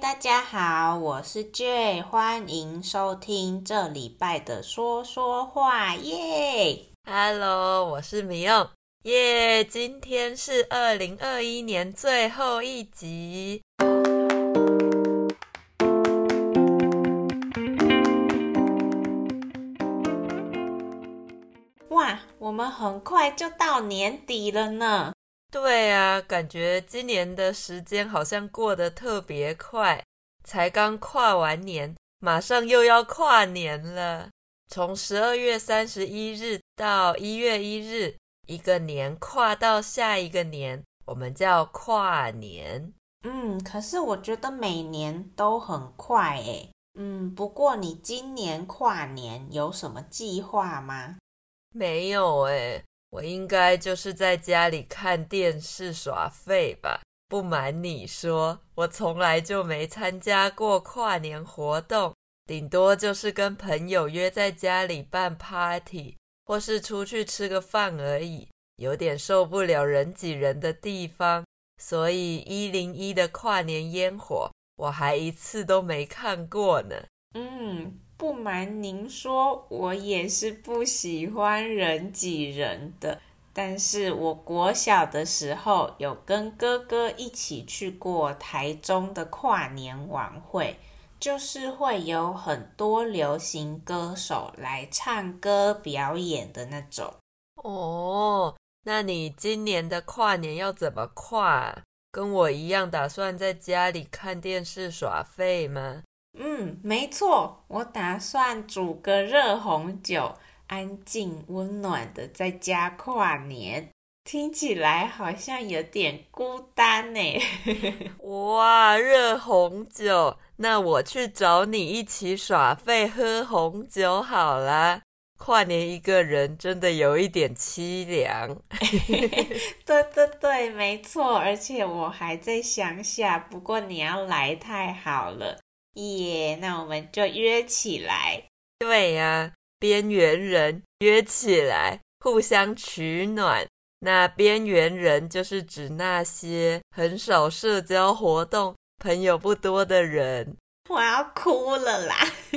大家好，我是 Joy 歡迎收聽這禮拜的說說話耶。Yeah! Hello，我是 Mio 耶，今天是二零二一年最後一集。哇，我們很快就到年底了呢。對啊，感覺今年的時間好像過得特別快，才剛跨完年，馬上又要跨年了。從十二月三十一日到一月一日，一個年跨到下一個年，我們叫跨年。嗯，可是我覺得每年都很快欸。嗯，不過你今年跨年有什麼計劃嗎？沒有欸。我應該就是在家裡看電視耍廢吧。不瞞你說，我從來就沒參加過跨年活動，頂多就是跟朋友約在家裡辦 party，或是出去吃個飯而已。有點受不了人擠人的地方，所以一零一的跨年煙火我還一次都沒看過呢。嗯。不瞞您說，我也是不喜歡人擠人的。但是我國小的時候有跟哥哥一起去過台中的跨年晚會，就是會有很多流行歌手來唱歌表演的那種。哦，那你今年的跨年要怎麼跨？跟我一樣打算在家裡看電視耍廢嗎？嗯，沒錯，我打算煮個熱紅酒，安靜溫暖的在家跨年。聽起來好像有點孤單呢？ 哇，熱紅酒，那我去找你一起耍廢、喝紅酒好啦。跨年一個人真的有一點淒涼。 對對對，沒錯，而且我還在鄉下。不過你要來太好了。耶、yeah，那我們就約起來。對呀、啊，邊緣人約起來，互相取暖。那邊緣人就是指那些很少社交活動、朋友不多的人。我要哭了啦、！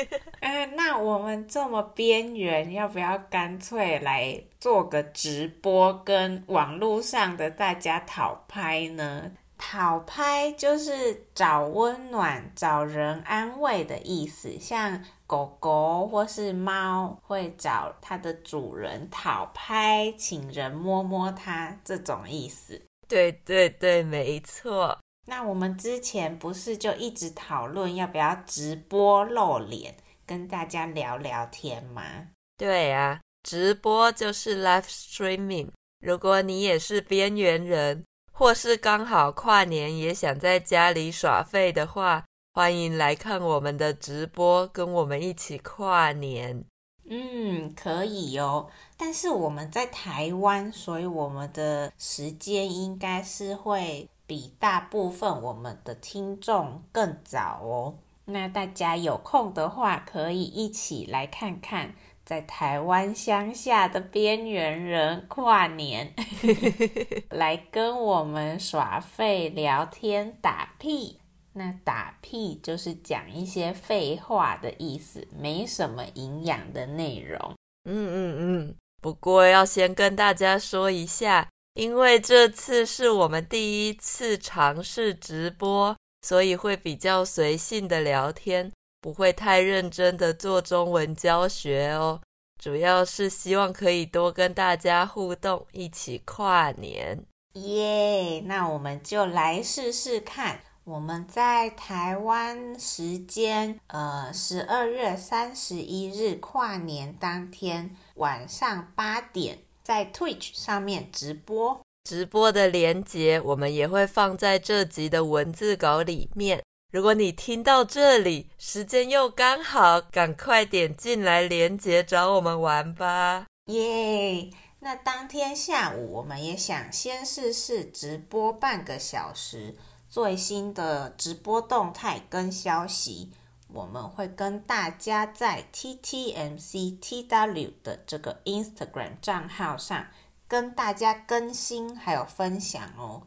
呃，那我們這麼邊緣，要不要乾脆來做個直播，跟網絡上的大家討拍呢？討拍就是找溫暖、找人安慰的意思，像狗狗或是貓會找它的主人討拍，請人摸摸它這種意思。對對對，沒錯。那我們之前不是就一直討論要不要直播露臉，跟大家聊聊天嗎？對啊，直播就是 live streaming。如果你也是邊緣人。或是剛好跨年也想在家裡耍廢的話，歡迎來看我們的直播，跟我們一起跨年。嗯，可以哦。但是我們在台灣，所以我們的時間應該是會比大部分我們的聽眾更早哦。那大家有空的話，可以一起來看看。在台灣鄉下的邊緣人跨年 來跟我們耍廢聊天打屁，那打屁就是講一些廢話的意思，沒什麼營養的內容。嗯嗯嗯。不過要先跟大家說一下，因為這次是我們第一次嘗試直播，所以會比較隨性的聊天。不會太認真的做中文教學哦，主要是希望可以多跟大家互動，一起跨年耶！Yeah, 那我們就來試試看，我們在台灣時間，呃，十二月三十一日跨年當天晚上八點，在 Twitch 上面直播，直播的連結我們也會放在這集的文字稿裡面。如果你聽到這裡，時間又剛好，趕快點進來鏈接找我們玩吧！耶、yeah！那當天下午，我們也想先試試直播半個小時，最新的直播動態跟消息，我們會跟大家在 T T M C T W 的這個 Instagram 賬號上跟大家更新還有分享哦。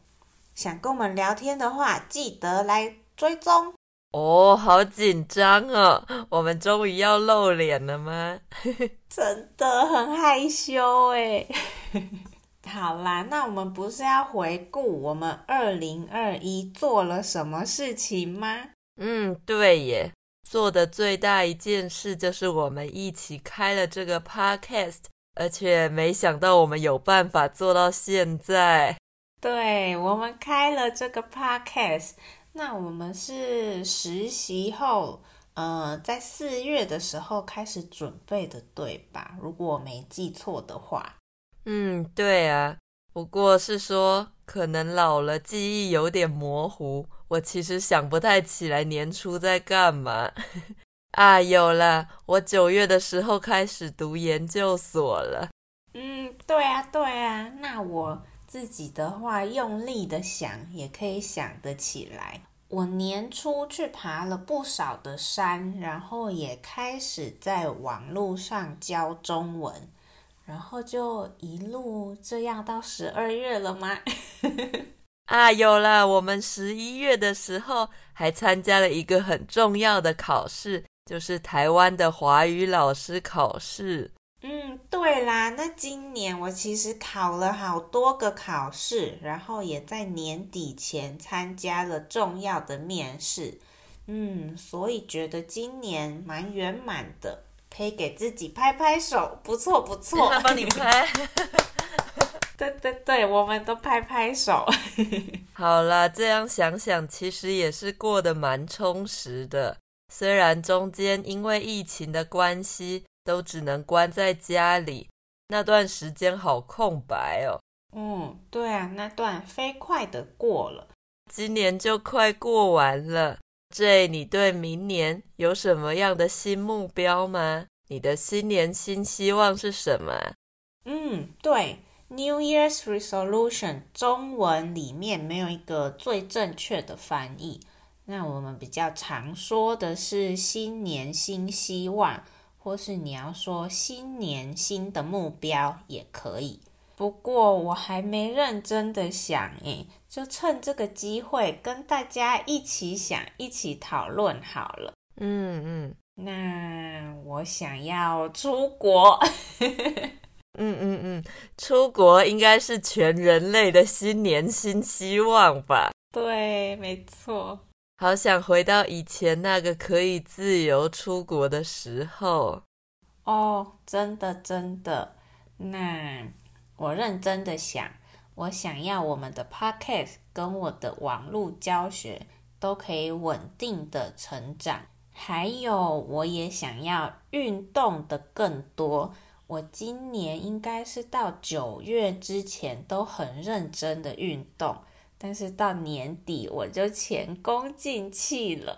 想跟我們聊天的話，記得來。追蹤哦，oh，好緊張哦！我們終於要露臉了嗎？ 真的很害羞哎。 好啦，那我們不是要回顧我們二零二一做了什麼事情嗎？嗯，對耶。做的最大一件事就是我們一起開了這個 podcast，而且沒想到我們有辦法做到現在。對，我們開了這個 podcast。那我們是實習後，呃，在四月的時候開始準備的，對吧？如果我沒記錯的話。嗯，對啊。不過是說，可能老了，記憶有點模糊，我其實想不太起來年初在幹嘛。 啊，有了，我九月的時候開始讀研究所了。嗯，對啊，對啊。那我自己的話，用力的想也可以想得起來。我年初去爬了不少的山，然後也開始在網絡上教中文，然後就一路這樣到十二月了嗎？ 啊，有啦！我們十一月的時候還參加了一個很重要的考試，就是台灣的華語老師考試。嗯，對啦，那今年我其實考了好多個考試，然後也在年底前參加了重要的面試，嗯，所以覺得今年蠻圓滿的，可以給自己拍拍手，不錯不錯。我幫你拍， 對對對，我們都拍拍手。 好啦，這樣想想，其實也是過得蠻充實的，雖然中間因為疫情的關係。都只能關在家裡，那段時間好空白哦。嗯，對啊，那段飛快的過了，今年就快過完了。Jay，你對明年有什麼樣的新目標嗎？你的新年新希望是什麼？嗯，對，New Year's Resolution，中文裡面沒有一個最正確的翻譯，那我們比較常說的是新年新希望。或是你要說新年新的目標也可以，不過我還沒認真的想，誒，就趁這個機會跟大家一起想，一起討論好了。嗯嗯，那我想要出國。 嗯嗯嗯，出國應該是全人類的新年新希望吧？對，沒錯。好想回到以前那個可以自由出國的時候哦！Oh, 真的真的，那我認真的想，我想要我們的 podcast 跟我的網絡教學都可以穩定的成長，還有我也想要運動的更多。我今年應該是到九月之前都很認真的運動。但是到年底我就前功盡棄了，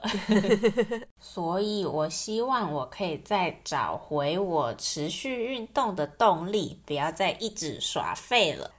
所以我希望我可以再找回我持續運動的動力，不要再一直耍廢了。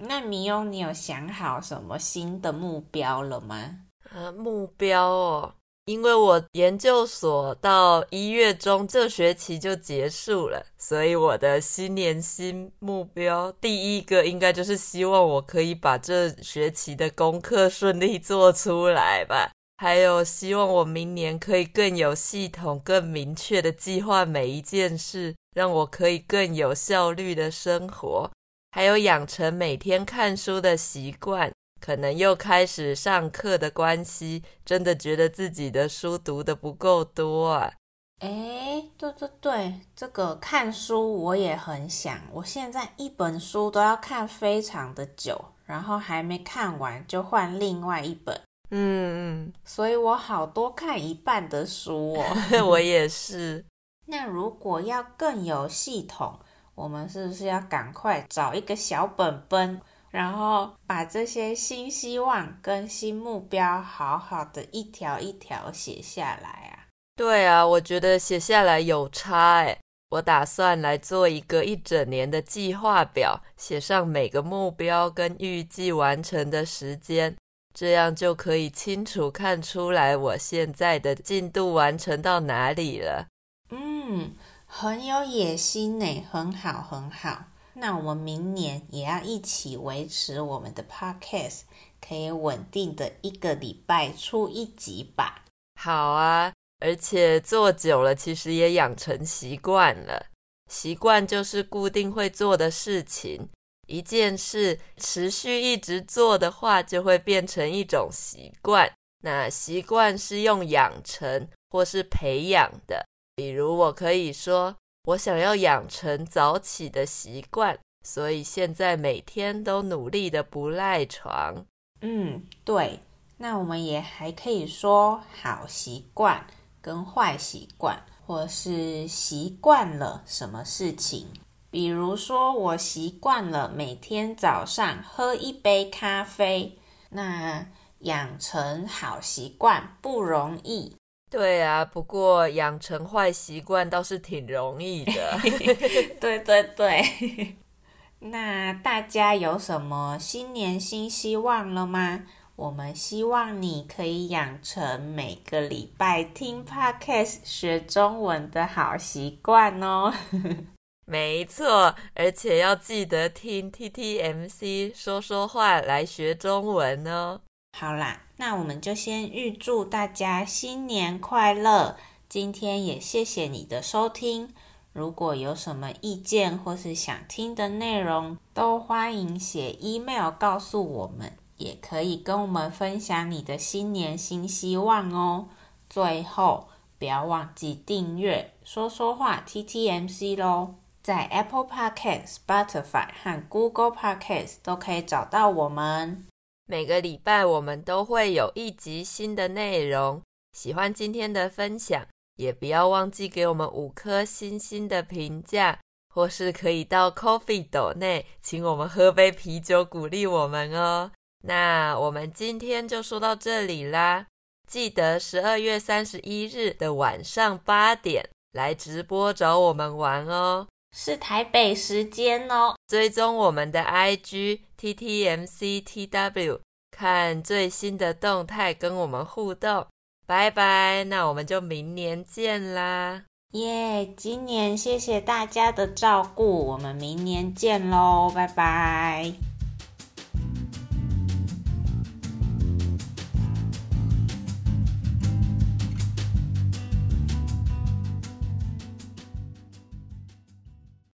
那米歐，你有想好什麼新的目標了嗎？呃，目標哦。因為我研究所到一月中，這學期就結束了，所以我的新年新目標，第一個應該就是希望我可以把這學期的功課順利做出來吧。還有希望我明年可以更有系統、更明確的計劃每一件事，讓我可以更有效率的生活。還有養成每天看書的習慣。可能又開始上課的關係，真的覺得自己的書讀得不夠多啊！誒，對對對，這個看書我也很想，我現在一本書都要看非常的久，然後還沒看完就換另外一本，嗯嗯，所以我好多看一半的書哦。 我也是。 那如果要更有系統，我們是不是要趕快找一個小本本？然後把這些新希望跟新目標好好的一條一條寫下來啊！對啊，我覺得寫下來有差誒。我打算來做一個一整年的計劃表，寫上每個目標跟預計完成的時間，這樣就可以清楚看出來我現在的進度完成到哪裡了。嗯，很有野心呢，很好，很好。那我們明年也要一起維持我們的 podcast，可以穩定的一個禮拜出一集吧。好啊，而且做久了，其實也養成習慣了。習慣就是固定會做的事情，一件事持續一直做的話，就會變成一種習慣。那習慣是用養成或是培養的，比如我可以說。我想要養成早起的習慣，所以現在每天都努力的不賴床。嗯，對。那我們也還可以說好習慣跟壞習慣，或是習慣了什麼事情。比如說，我習慣了每天早上喝一杯咖啡。那養成好習慣不容易。對啊，不過養成壞習慣倒是挺容易的。 對對對， 那大家有什麼新年新希望了嗎？我們希望你可以養成每個禮拜聽 Podcast 學中文的好習慣哦。 沒錯，而且要記得聽 TTMC 說說話來學中文哦。好啦。那我們就先預祝大家新年快樂！今天也謝謝你的收聽。如果有什麼意見或是想聽的內容，都歡迎寫 email 告訴我們，也可以跟我們分享你的新年新希望哦。最後，不要忘記訂閱說說話 T T M C 嘍，在 Apple Podcasts、Spotify 和 Google Podcasts 都可以找到我們。每個禮拜我們都會有一集新的內容。喜歡今天的分享，也不要忘記給我們五顆星星的評價，或是可以到 Ko-fi 斗內請我們喝杯啤酒鼓勵我們哦。那我們今天就說到這裡啦，記得十二月三十一日的晚上八點來直播找我們玩哦，是台北時間哦。追蹤我們的 IG。TTMCTW 看最新的動態，跟我們互動，拜拜。那我們就明年見啦！耶，yeah，今年謝謝大家的照顧，我們明年見嘍，拜拜。